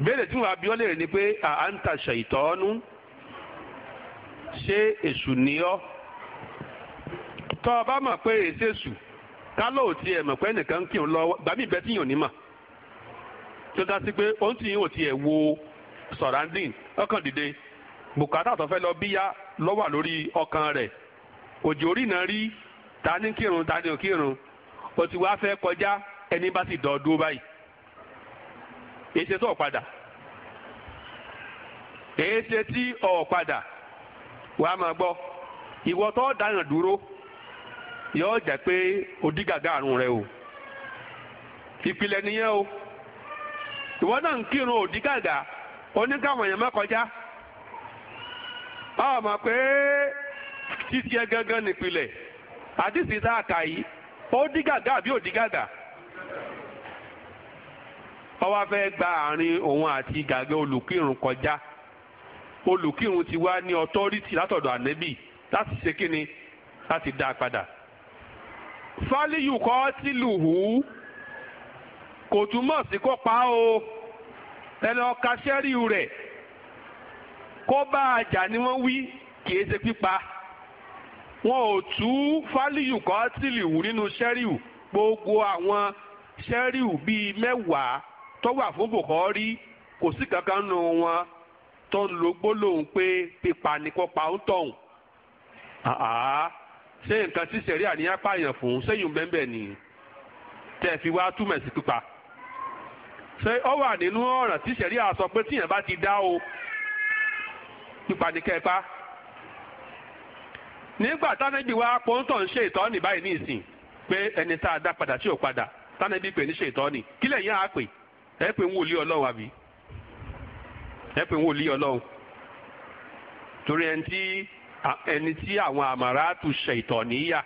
ìbéèrè tí wọn abíọ́ léèrè ni pé à ń ta ṣàìtọ́nú ṣé èṣù ni ọ́ tọ́ ọ bá mọ̀ pé èṣù èṣù lo ò tiẹ̀ mọ̀ pé ẹnìkan kí òun lọ́wọ́ gbàmí ìbẹ́ tí yàn ní tó dá sí pé òun yàn ò tiẹ̀ wo sọ̀ràndín ọkàn dìde bùkátà tó fẹ́ lọ bíyá lọ́wọ́ lórí ọkàn rẹ̀ òjò orí náà rí ta ní kírun ta ní òkírun o ti wá fẹ́ kọjá ẹni bá èsè tó ọ̀padà èsè tí ọ̀padà wàá máa gbọ́ ìwọ tó dáná dúró yóò jẹ́ pé odígàgá àrùn rẹ o ìpìlẹ̀ nìyẹn o ìwọ náà ń kírun òdígàgá oníkàwọn èèyàn mẹ́kọjá ọ pé títí ẹ àdìsí tá a kà yìí ó dígàgá àbí òdígàgá. ó wá fẹ́ gba àárín òun àti gàgẹ́ olùkírun kọjá olùkírun ti wá ní ọtọ́rìtì látọ̀dọ̀ ànẹ́bì láti ṣe kíni láti dá a padà. fálíyù kọ́ sílùú kò túmọ̀ sí kó pa o ẹni ọka sẹ́ríù rẹ̀ kó bá a jà ni wọ́n wí kì í ṣe pípa wọn ò tú fálíyù kọ́ sílùú nínú sẹ́ríù gbogbo àwọn sẹ́ríù bíi mẹ́wàá tó wà fún Bukhari kò sí kankan nù wọn tó ń lo gbólóhùn pé pípa ni kò pa ó tọ̀hún. ṣé nǹkan tí sẹ̀rí àníyàn pààyàn fún sẹ́yìn bẹ́ẹ̀ ni tẹ́ fi wá túmọ̀ sí pípa. ṣé ó wà nínú ọ̀ràn tí sẹ̀rí àsọ pé tíyàn bá ti dá o pípa ni kẹ́ẹ̀pá. nígbà tánẹ́bí wa pọ́ńtọ̀ ń ṣe ìtọ́ni báyìí ní ìsìn pé ẹni tá a dá padà tí ò padà tánẹ́bí pè ní ṣe ìtọ́ni kílẹ̀ yẹn á pè é ẹ pé ń wòlíì ọlọ́run àbí ẹ pé ń wòlíì ọlọ́run torí ẹni tí ẹni tí àwọn àmàrà tù ṣètò níyà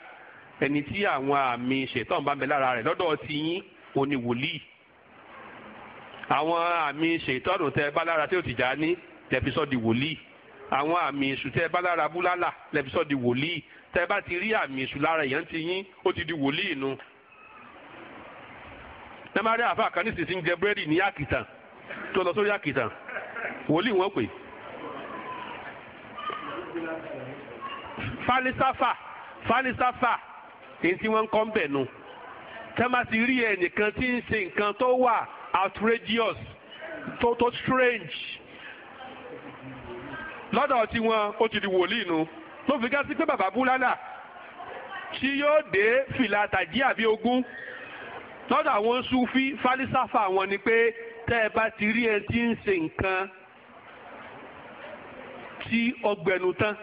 ẹni tí àwọn àmì ṣètò ń bá bẹ lára rẹ̀ lọ́dọ̀ ti yín òní wòlíì àwọn àmì ṣètò ọ̀dùn tẹ bá lára tí ò ti já ní tẹ̀fisọ́ di wòlíì àwọn àmì èṣù tẹ bá lára búlálà lẹfisọ di wòlíì tẹ bá ti rí àmì èṣù lára èèyàn ti yín ó ti di wòlíì nu nàmárì àfa kan nísinsìnyí jẹ búrẹ́dì ní àkìtàn tó lọ sórí àkìtàn wòlíì wọn pè. falisafa falisafa èyí tí wọ́n ń kọ́ ń bẹ̀ nu tẹ́másì rí ẹnìkan tí ń ṣe nǹkan tó wà outrageous tó tó strange lọ́dọ̀ tí wọ́n ó ti di wòlíì nu ló fi gá sí pé bàbá búlálà tí yóò dé fìlà tàjí àbí ogún lọ́dọ̀ àwọn sufi falisafa wọn ni pé tẹ́ ẹ bá ti rí ẹ tí ń ṣe nǹkan tí ọgbẹ̀nu tán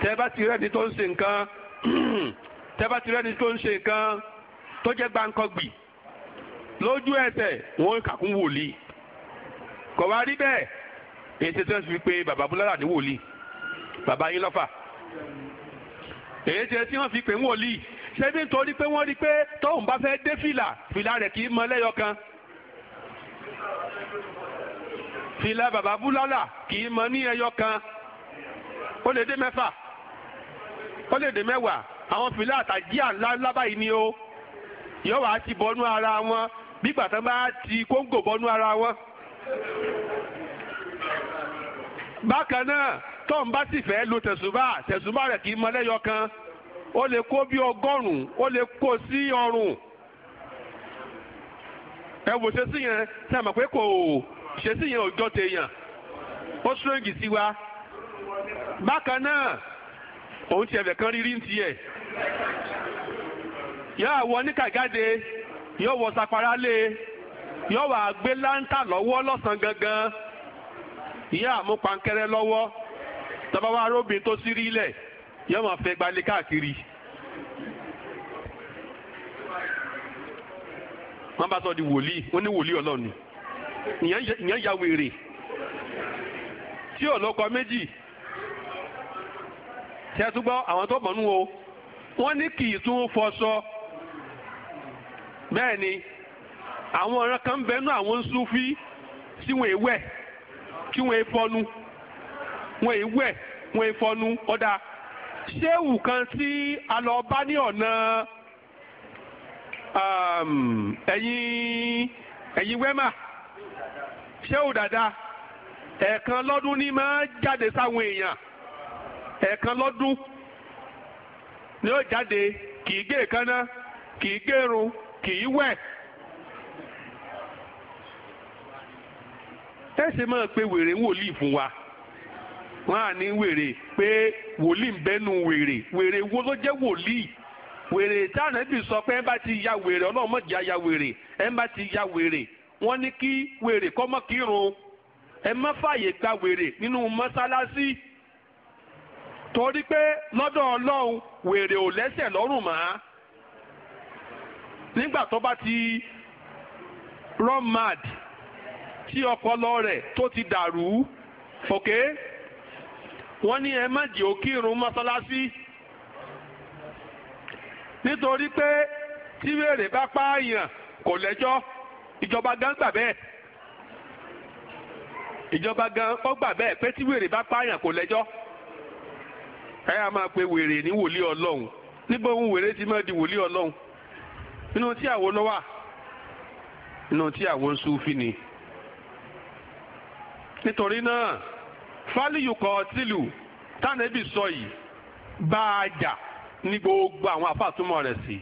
tẹ́ ẹ bá ti rẹ́ni tó ń ṣe nǹkan tẹ́ ẹ bá ti rẹ́ni tó ń ṣe nǹkan tó jẹ́ gbàǹkangbì lójú ẹsẹ̀ wọ́n kàkún wòlíì kò wá rí bẹ́ẹ̀ èyí tí wọ́n fi pé bàbá búlára ní wòlíì bàbá yín lọ́fà èyí tí wọ́n fi pè ń wòlíì ṣé bí nítorí pé wọ́n rí pé tóun bá fẹ́ dé fìlà fìlà rẹ̀ kì í mọ lẹ́yọ kan fìlà bàbá búlálà kì í mọ ní ẹyọ kan ó lè dé mẹ́fà ó lè dé mẹ́wàá àwọn fìlà àtàjíà ńlá ńlá báyìí ni ó yóò wá ti bọnú ara wọn bígbà tán bá ti kóńgò bọnú ara wọn. bákan náà tọ́n bá sì fẹ́ lo tẹ̀sùbá tẹ̀sùbá rẹ̀ kì í mọ lẹ́yọ kan ó kó bí ọgọ́rùn-ún ó lè kó sí ọrùn ẹ wò ṣe sí yẹn tí a mọ̀ pé kò ṣe sí yẹn òjọ́ tèèyàn ó ṣúrẹ́ǹgì sí wa bákan náà òun ti ẹ̀fẹ̀ kan rírí ń tiẹ̀ wọ wọ lé wà gbé láńtà lọ́wọ́ tọ́ba wa aróbìnrin tó sí rí lẹ̀ yóò máa fẹ́ gbalẹ̀ káàkiri. wọ́n bá sọ di wòlíì wọ́n ní wòlíì ọlọ́run ìyẹn ya wèrè tí ọlọ́kọ méjì tí a tún gbọ́ àwọn tó mọ̀ nú o wọ́n ní kì í tún fọṣọ bẹ́ẹ̀ ni àwọn ọ̀ràn kan ń bẹnu àwọn ń súnfí tí wọ́n ewẹ́ kí wọ́n efọ́nu wọn èyí wẹ̀ wọn èyí fọnu ọ̀dà ṣéwù kan tí a lọ bá ní ọ̀nà um, ẹ̀yìn ẹ̀yìn wẹ́mà ṣéwù dada ẹ̀ẹ̀kan lọ́dún ní máa jáde sáwọn èèyàn ẹ̀ẹ̀kan lọ́dún ni ó jáde kì í gé èékánná kì í gérun kì í wẹ̀. ẹ ṣe máa pe wèrè ń wòlíì fún wa. wọ́n à ní wèrè pé wòlíì ń were wèrè wèrè wo ló jẹ́ wòlíì wèrè táwọn ẹbí sọ pé ẹ ti ya wèrè ọlọ́run ya wèrè ẹ ti ya wèrè wọn ní kí wèrè kọ́ kírun ẹ má fààyè gba wèrè nínú mọ́sálásí torí pé lọ́dọ̀ wèrè ò nígbà tó bá ti tí ọpọlọ ti dàrú òkè. wọ́n ní ẹ má jẹ́ ó kírun mọ́sálásí nítorí pé tí wèrè bá pààyàn kò lẹ́jọ́ ìjọba gan gbà bẹ́ẹ̀ ìjọba gan ó gbà bẹ́ẹ̀ pé tí wèrè bá pààyàn kò lẹ́jọ́ ẹ á máa pe wèrè ní wòlíì ọlọ́run níbo ohun wèrè ti máa di wòlíì ọlọ́run nínú tí àwọn lọ́wà nínú tí àwọn ń súnfì ni nítorí náà fáliyù kọ́ọ̀tìlù tánàbì sọ yìí bá a jà ní gbogbo àwọn àfàtúmọ̀ rẹ̀ sí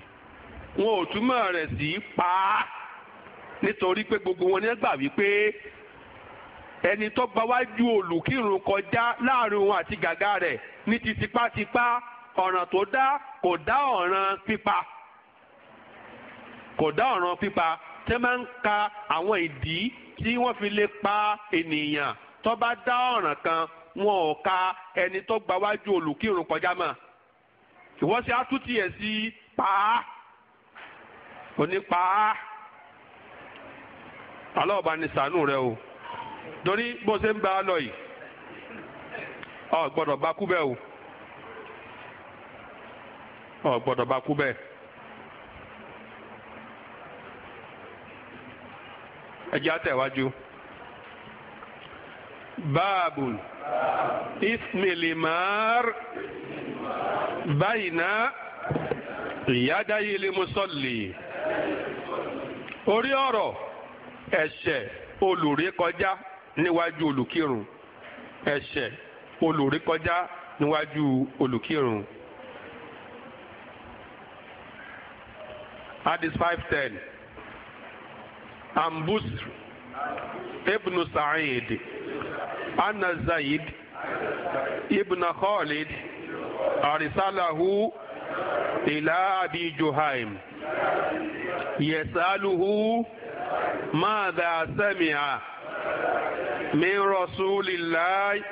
wọn ò túmọ̀ rẹ̀ sí pa á nítorí pé gbogbo wọn ní gbà wípé ẹni tó bá wá ju olùkírun kọjá láàrin òun àti gàgá rẹ̀ ní ti tipátipá ọ̀ràn tó dá kò dá ọ̀ràn pípa kò dá ọ̀ràn pípa tẹ́ máa ń ka àwọn ìdí tí wọ́n fi lè pa ènìyàn tó bá dá ọ̀ràn kan wọn ò ka ẹni tó gba wájú olùkírun kọjá mọ́ ìwọ́n ṣe àtúntì ẹ̀ sí pàá òní pàá alọ́ọ̀bá ni sànú rẹ o torí bó ṣe ń bá a lọ yìí ọ gbọ́dọ̀ bá kú bẹ́ẹ̀ o ọ gbọ́dọ̀ bá kú bẹ́ẹ̀. ẹ jẹ́ àtẹ̀wájú. باب اسم لمار بين يدي المصلي orí ọ̀rọ̀ ẹ̀ṣẹ̀ olùrékọjá níwájú olùkírun ẹ̀ṣẹ̀ olùrékọjá níwájú olùkírun. Hadis five ten Ambus Ibn Sa'id. أن زيد ابن خالد أرسله إلى أبي جهيم يسأله ماذا سمع من رسول الله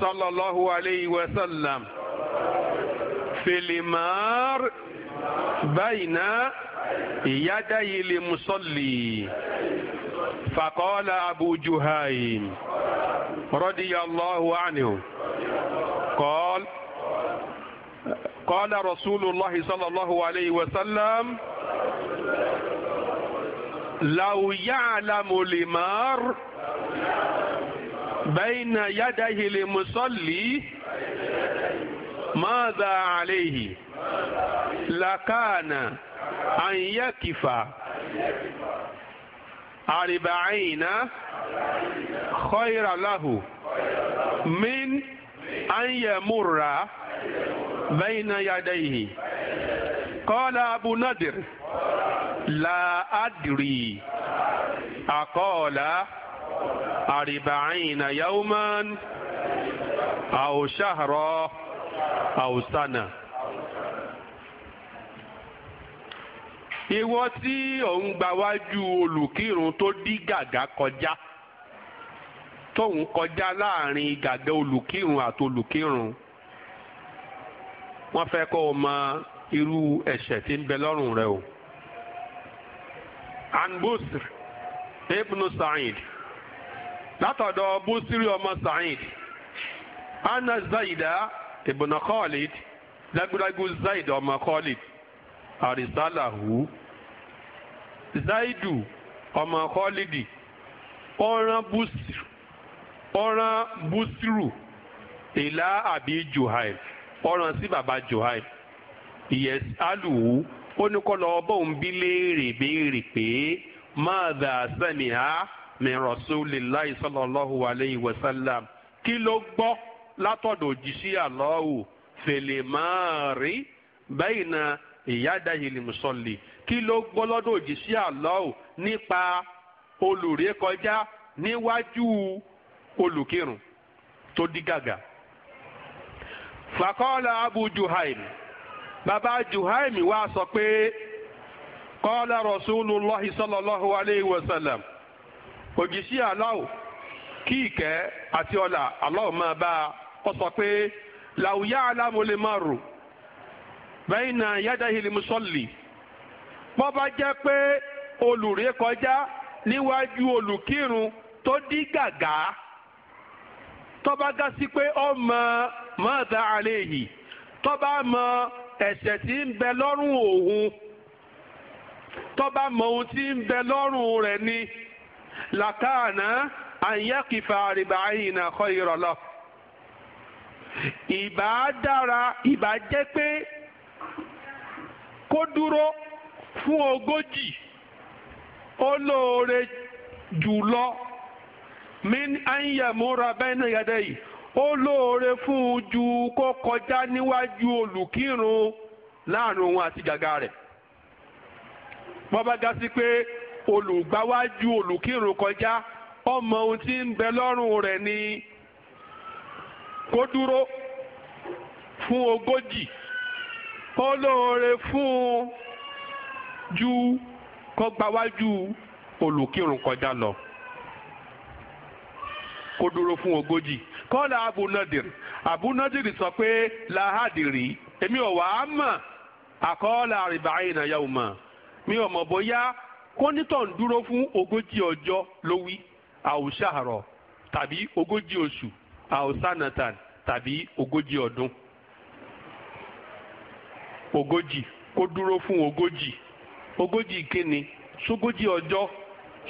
صلى الله عليه وسلم في المار بين يدي المصلي فقال أبو جهيم رضي الله عنه قال قال رسول الله صلى الله عليه وسلم لو يعلم لمار بين يديه لمصلي ماذا عليه لكان أن يكفى. أربعين خير له من أن يمر بين يديه قال أبو نذر لا أدري أقال أربعين يوما أو شهرا أو سنة ìwọ tí ò ń gba wájú olùkírun tó dí gàgà kọjá tóun kọjá láàrin gàgà olùkírun àti olùkírun wọ́n fẹ́ kó o mọ irú ẹ̀ṣẹ̀ tí ń bẹ lọ́rùn rẹ o. an Busr ibn Sa'id látọ̀dọ̀ Busiri ọmọ Sa'id anna Zaida ibn Khalid dágúdágú Zaida ọmọ Khalid. àrísàlàhù zaidu ọmọ kọ́lídì ọ̀ràn busiru ọ̀ràn busiru ìlà àbí juhail ọ̀ràn sí baba juhail ìyẹs aluhu ó ní kọ́ lọ bóun bí léèrè béèrè pé máàdà sami'a min rasulillahi sallallahu alayhi wa sallam kí ló gbọ́ látọ̀dọ̀ òjíṣẹ́ Allahu fèlè máa rí bẹ́ẹ̀ náà. ìyáàdáyé lè mùsọ̀lì kí ló gbọ́ lọ́dọ̀ òjíṣẹ́ Allah o nípa olùrékọjá níwájú olùkírun tó dí gàgà. fàkọ́lá abu juhaim Baba juhaim wá sọ pé kọ́lá rasulullahi sallallahu alayhi wa sallam òjíṣẹ́ Allah kí ìkẹ́ àti máa bá a ọ sọ bẹ́ẹ̀nà yádàhìlì mùsọ̀lì bó bá jẹ́ pé olùrékọjá níwájú olùkírun tó dí gàgà Tọ́ba bá gá sí pé ó mọ mọ́ọ̀dá àléyìí Tọ́ba bá mọ ẹ̀ṣẹ̀ tí ń bẹ lọ́rùn òun Tọ́ba bá mọ ohun tí ń bẹ lọ́rùn rẹ̀ ni làkàánà àyẹ́kìfà àrìbáyìn nà kọ́ ìrọ̀lọ́ ìbá dára ìbá jẹ́ pé kó dúró fún ogójì olóore jùlọ mi min anyamura bẹ́ẹ̀ni yàda yìí olóore fún un ju kó kọjá níwájú olùkírun láàrin òun àti gàgà rẹ̀ wọ́n bá ga sí pé olùgbáwájú olùkírun kọjá ọmọ ohun tí ń bẹ lọ́rùn rẹ̀ ni kó dúró fún ogójì. olóore fún ju kó gbáwájú olùkírun kọjá lọ kó dúró fún ogójì kọ́lá abunadir abunadir sọ pé làhádìrí èmi ò wá á mọ̀ àkọọ́lá àrìbáyìn náà yàwó mọ̀ mi ò mọ̀ bóyá kọ́nítọ̀ ń dúró fún ogójì ọjọ́ ló wí àwùsàárọ̀ tàbí ogójì oṣù àwùsánàtàn tàbí ogójì ọdún. ogójì kó dúró fún ogójì ogójì kíni sógójì ọjọ́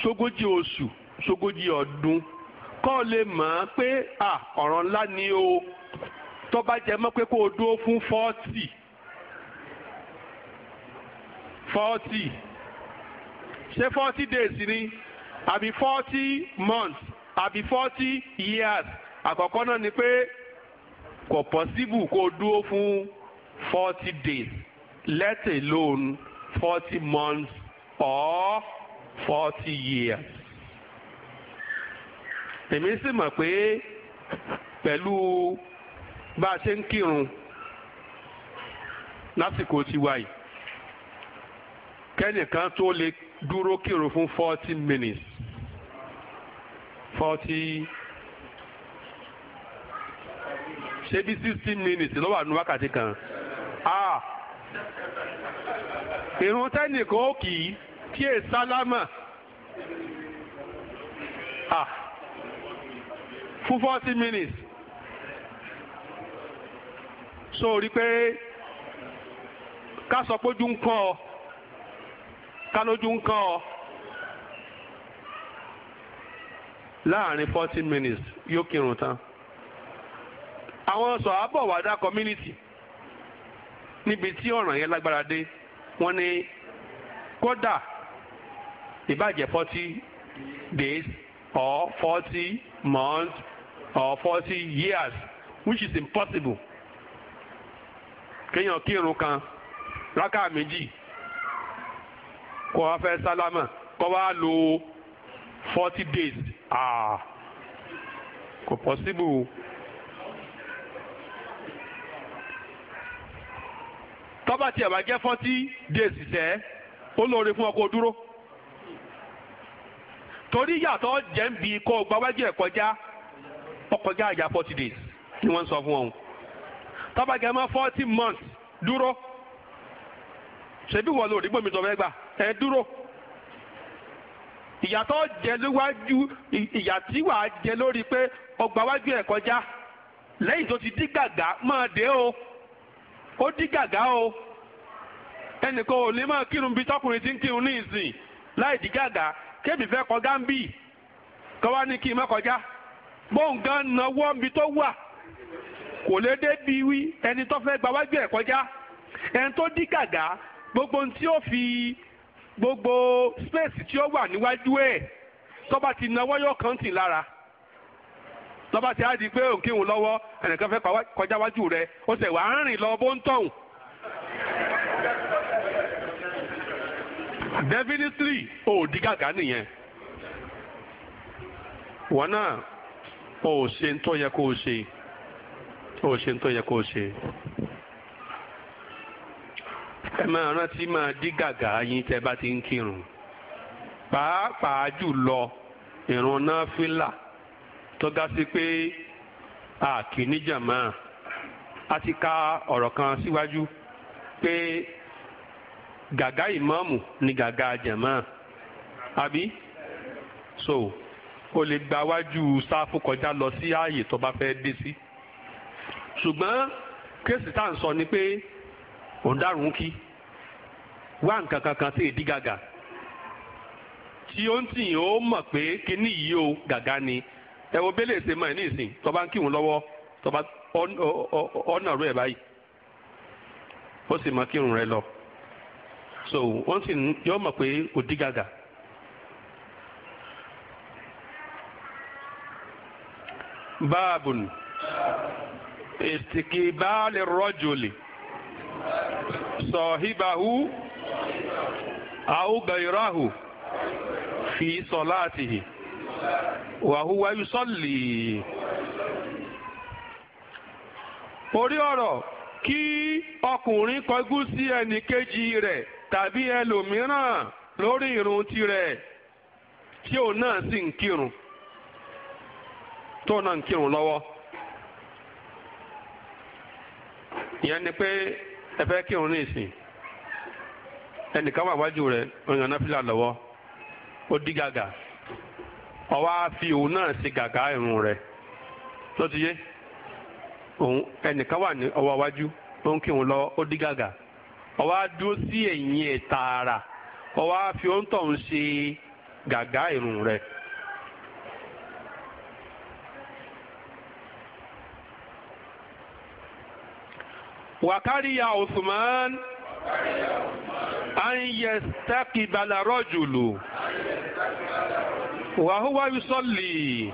sógójì oṣù sógójì ọdún kọ́ lè mọ̀ ọ́n pé à ọ̀ràn ńlá ni o tó jẹ mọ́ pé kó o dúró fún fọ́ọ̀tì fọ́ọ̀tì ṣé fọ́ọ̀tì days ni àbí fọ́ọ̀tì months àbí fọ́ọ̀tì years àkọ́kọ́ náà ni pé kò pọ́síbù kó o dúró fún forty days let alone forty months or forty years. èmi sì mọ̀ pé pẹ̀lú bá a ṣe ń kírun lásìkò tiwa yìí kẹ́nìkan tó lè dúró kírun fún forty minutes forty ṣé bí sixty minutes ló wà nínú wákàtí kan a ah. irun tẹ́nìkan ó kì í tí è sálámà a ah. fún forty minutes so rí pé ká sọ pé ojú ń kàn ọ́ ká lójú ń kàn láàrin forty minutes yóò kírun tán àwọn sọ̀hábọ̀ wà dá community níbi tí ọ̀ràn yẹn lágbára dé wọ́n ní kódà ìbàjẹ́ forty days or forty months or forty years which is impossible kéèyàn kírun kan rákà méjì kó wá fẹ́ sálámà kó wá lò forty days ah kò possible. tọ́ba tiẹ̀ bá jẹ́ fọ́tí days sẹ́ ó lóore fún ọkọ̀ dúró torí yàtọ̀ jẹ́ kọ́ gbawájú ẹ̀ kọjá ọkọjá àjà forty days ni wọ́n ń sọ fún wọn tọ́ba jẹ́ mọ́ forty months dúró ṣebí wọ́n lórí gbòmí tó fẹ́ gbà ẹ dúró ìyàtọ̀ jẹ́ lówájú ìyàtí wàá jẹ́ lórí pé ọgbàwájú ẹ̀ kọjá lẹ́yìn tó ti dí gàgà máa dé o ó dí gàgá o ẹnìkan ò ní máa kírun bí tọkùnrin ti ń kírun ní ìsìn láì dí gàgá kébì fẹ́ kọjá ń bì kọ́ wá ní kí n má kọjá bóun gan náwó ibi tó wà kò lè dé bí wí ẹni tó fẹ́ gba wájú ẹ̀ kọjá ẹni tó dí gàgá gbogbo tí ó fi gbogbo space tí ó wà níwájú ẹ̀ tó bá ti náwó yóò kàn tì lára. tọba ti a di pé lọ́wọ́ ẹnìkan fẹ kọjá wájú wà á rìn lọ bó ń o definitely di gàgà nìyẹn wọn náà o ṣe ń tó yẹ kó o ṣe ò ṣe ń tó yẹ kó o ṣe ẹ máa ti ń kírun pàápàá jù lọ náà tọ́gá sí pé a kì í níjàmá a ti ka ọ̀rọ̀ kan síwájú pé gàgá ìmáàmù ni gàgá jàmá àbí so o lè gba wájú sáfù kọjá lọ sí ààyè tó bá fẹ́ dé sí ṣùgbọ́n kéèsì tá à ń sọ ni pé òǹdarùn kí wá nǹkan kankan sí èdí gàgà tí ó ń tì yín ó mọ̀ pé kíní yìí ó gàgá ni. ẹ wo bẹ́lẹ̀ ṣe máa ní ìsìn tó ń kírun lọ́wọ́ ọ̀nà báyìí ó sì máa kírun lọ so wọ́n sì yọ mọ̀ pé kò dí gàgà. báàbùn ètìkì báàlì rọ́jòlì sọ̀híbàhù fi ìráhù fi sọ̀láàtìhì. So, wàhúwa yusọ́lì orí ọ̀rọ̀ kí ọkùnrin kọjú sí ẹnì kejì rẹ̀ tàbí ẹlòmíràn lórí irun tirẹ̀ tí òun náà sì ń kírun tóun náà ń kírun lọ́wọ́ ìyẹn ni pé ẹ fẹ́ kírun ní ìsìn ẹnìkan wà wájú rẹ̀ òun yàn náà ọwọ́ á fi òun náà ṣe gàgà ẹ̀rùn rẹ̀ lọ́tí yé ẹnìkan wà ní ọwọ́ iwájú ó ń kí òun lọ ó gàgà ọwọ́ á dúró sí ẹ̀yìn ẹ̀ tààrà ọwọ́ á fi òǹtọ̀ ń ṣe gàgà ẹ̀rùn rẹ̀. wakariya usman an yẹ sẹkibala rọjulu. wàhúwá yusọ́lì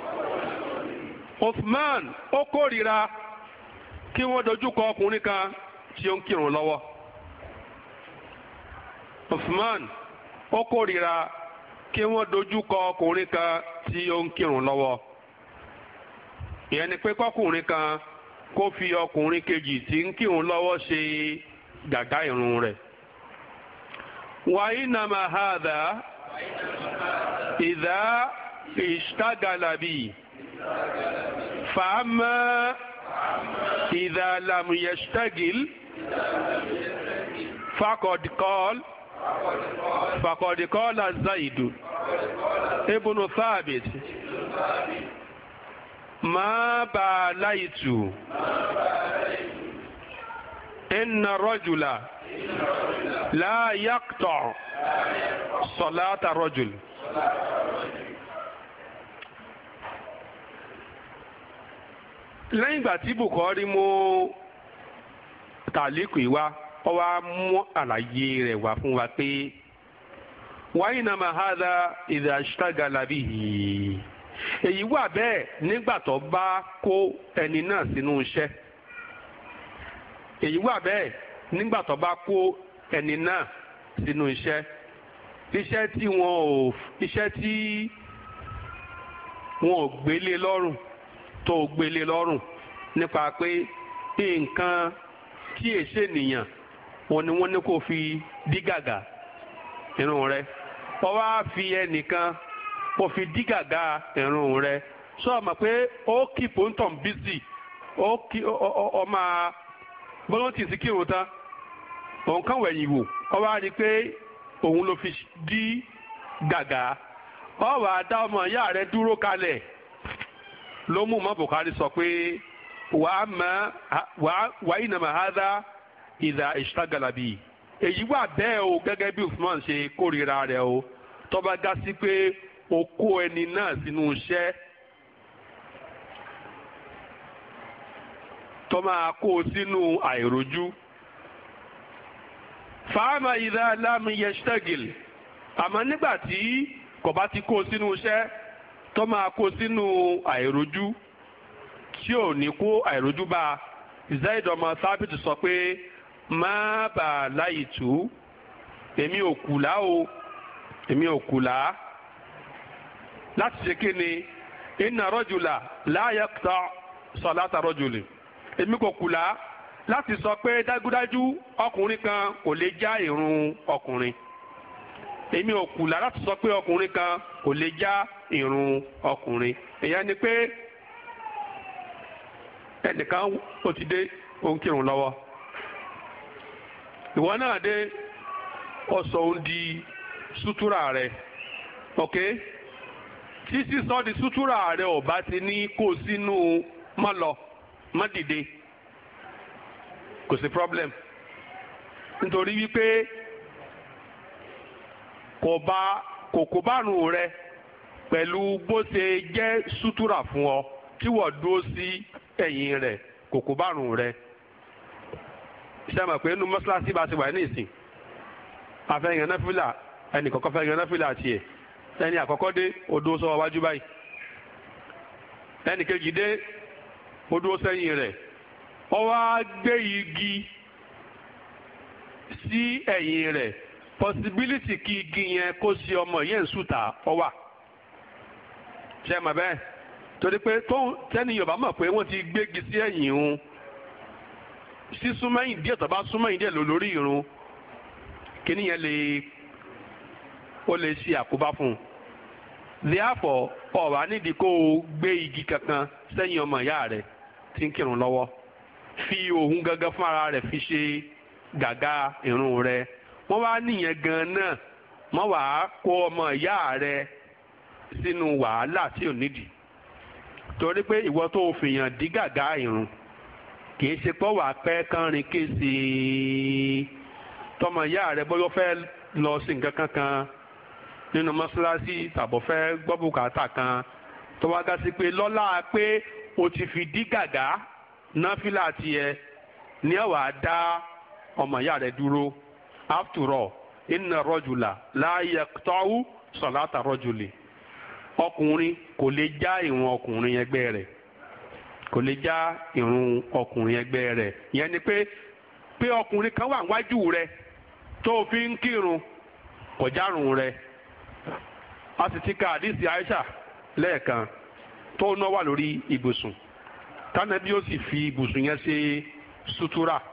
Uthman ó kórìíra kí wọ́n dojúkọ ọkùnrin kan tí ó ń kírun lọ́wọ́ Uthman ó kórìíra kí wọ́n dojúkọ ọkùnrin kan tí ó ń kírun lọ́wọ́ ìyẹn ni kó fi ọkùnrin kejì tí ń kírun lọ́wọ́ ṣe gàgá irun rẹ̀ إذا اشتغل بي فأما إذا لم يشتغل فقد قال فقد قال زيد ابن ثابت ما باليت إن الرجل لا يقطع صلاة الرجل lẹ́yìn ìgbà tí bùkọ́rí mú tàlíkù wá ó wá àlàyé fún wa pé wáyé na ìdá yìí èyí wà bẹ́ẹ̀ nígbà tó èyí wà bẹ́ẹ̀ nígbà tó bá kó ẹni náà sínú iṣẹ́. iṣẹ́ tí wọn ò iṣẹ́ tí wọn ò gbélé lọ́rùn tó gbélé lọ́rùn nípa pé nǹkan tí èsè nìyàn wọn ni wọn ní kó fi dí gàgà irun rẹ wọn wá fi ẹnìkan kó fi dí gàgà irun rẹ sọ ma pé ó kì pòǹtọ̀n bísì ó kì ọ máa bọ́lọ́ntì sí kírun tán òǹkàwẹ̀yìn wò ọ wá rí i pé òun ló fi dí gàgà ọwọ́ àdá ọmọ ìyá rẹ dúró kalẹ̀ ló mú mọ́ sọ pé wàá ìnàmà hádà ìdá ìṣàgàlàbì èyí wà bẹ́ẹ̀ o gẹ́gẹ́ bí Usman ṣe kórìíra rẹ̀ o tọba dá sí pé o kó ẹni náà sínú iṣẹ́. tọ́ máa kó o sínú àìrójú. fàámà ìdá láàmì yẹsítẹ́gìl àmọ́ nígbà tí kò bá ti kó sínú iṣẹ́ tó máa kó sínú àìrójú tí ò ní kó àìrójú bá zaid ọmọ sábìtì sọ pé má bà á láyì tú èmi ò kùlá o èmi ò kùlá láti ṣe kí ni iná rọ́jùlá láyà sọ látà rọ́jùlì èmi kò kùlá. láti sọ pé dájúdájú ọkùnrin kan kò lè já irun ọkùnrin èmi ò kùlà láti sọ pé ọkùnrin kan kò lè já ìrun ọkùnrin èèyàn ni pé ẹnìkan ó ti dé ó ń kírun lọ́wọ́ ìwọ náà dé ọ̀sọ̀ òun di sútúrà rẹ̀ ok tí sísọ di sútúrà rẹ̀ ò bá ti ní kó sínú má lọ má dìde. kò sí problem nítorí wípé kò bá kòkó bárùn rẹ pẹ̀lú bó ṣe jẹ́ sutura fún ọ tí wọ́n dúró sí ẹ̀yìn rẹ̀ kòkó bárùn rẹ. ṣé mọ̀ pé inú mọ́ṣáláṣí bá ti wà ní ìsìn àfẹ́yàn náfìlà ẹnì kọ̀ọ̀kan fẹ́yàn náfìlà tiẹ̀ ẹni àkọ́kọ́ dé ó dúró sọ́wọ́ wájú báyìí ẹnì kejì dé ó dúró sẹ́yìn rẹ̀ ó wá gbé igi sí ẹ̀yìn rẹ̀ possibility kí igi yẹn kó sí ọmọ yẹn ń sùtà ó wà ṣe mọ̀ bẹ́ẹ̀ torí pé tóun tẹ́ni yorùbá mọ̀ pé wọ́n ti gbégi sí ẹ̀yìn òun sísúnmọ́ ìdí ẹ̀tọ́ bá súnmọ́ ìdí ẹ̀ lò lórí irun kíní yẹn lè ó lè ṣe àkóbá fún un therefore ọ̀rọ̀ á kó o gbé igi kankan sẹ́yìn ọmọ ìyá rẹ̀ tí ń kírun lọ́wọ́ fi òun gangan fún ara rẹ̀ fi ṣe gàgà irun rẹ̀ wọ́n wá nìyẹn gan náà wọ́n wàá kó ọmọ ìyá rẹ̀ sínú wàhálà tí ò nídìí torí pé ìwọ tó fìyàn dí gàgà irun kì í ṣe pé wàá pẹ́ kánrin kése tọmọ ìyá rẹ̀ bọ́yọ́ fẹ́ lọ sí nǹkan kankan nínú mọ́ṣáláṣí tàbọ̀ fẹ́ gbọ́ bùkátà kan tó gá sí pé lọ́la pé o ti fi dí gàgà náfìlà tiẹ̀ ní ẹ̀ wàá dá ọmọ ìyá rẹ̀ dúró after all inna rọ́jùlá láàyè tọ́wú sọ̀láta rọ́jùlì kò lè já ìrun ọkùnrin ẹgbẹ́ rẹ̀ kò lè já ìrun ọkùnrin ẹgbẹ́ rẹ. yẹn ni pé pé ọkùnrin kan wà wájú rẹ tó fi ń kírun kò járun rẹ̀ a sì ti ka àdìsí Aisha lẹ́ẹ̀kan tó náà wà lórí ibùsùn tánàbí ó si fi ibùsùn yẹn ṣe sutura.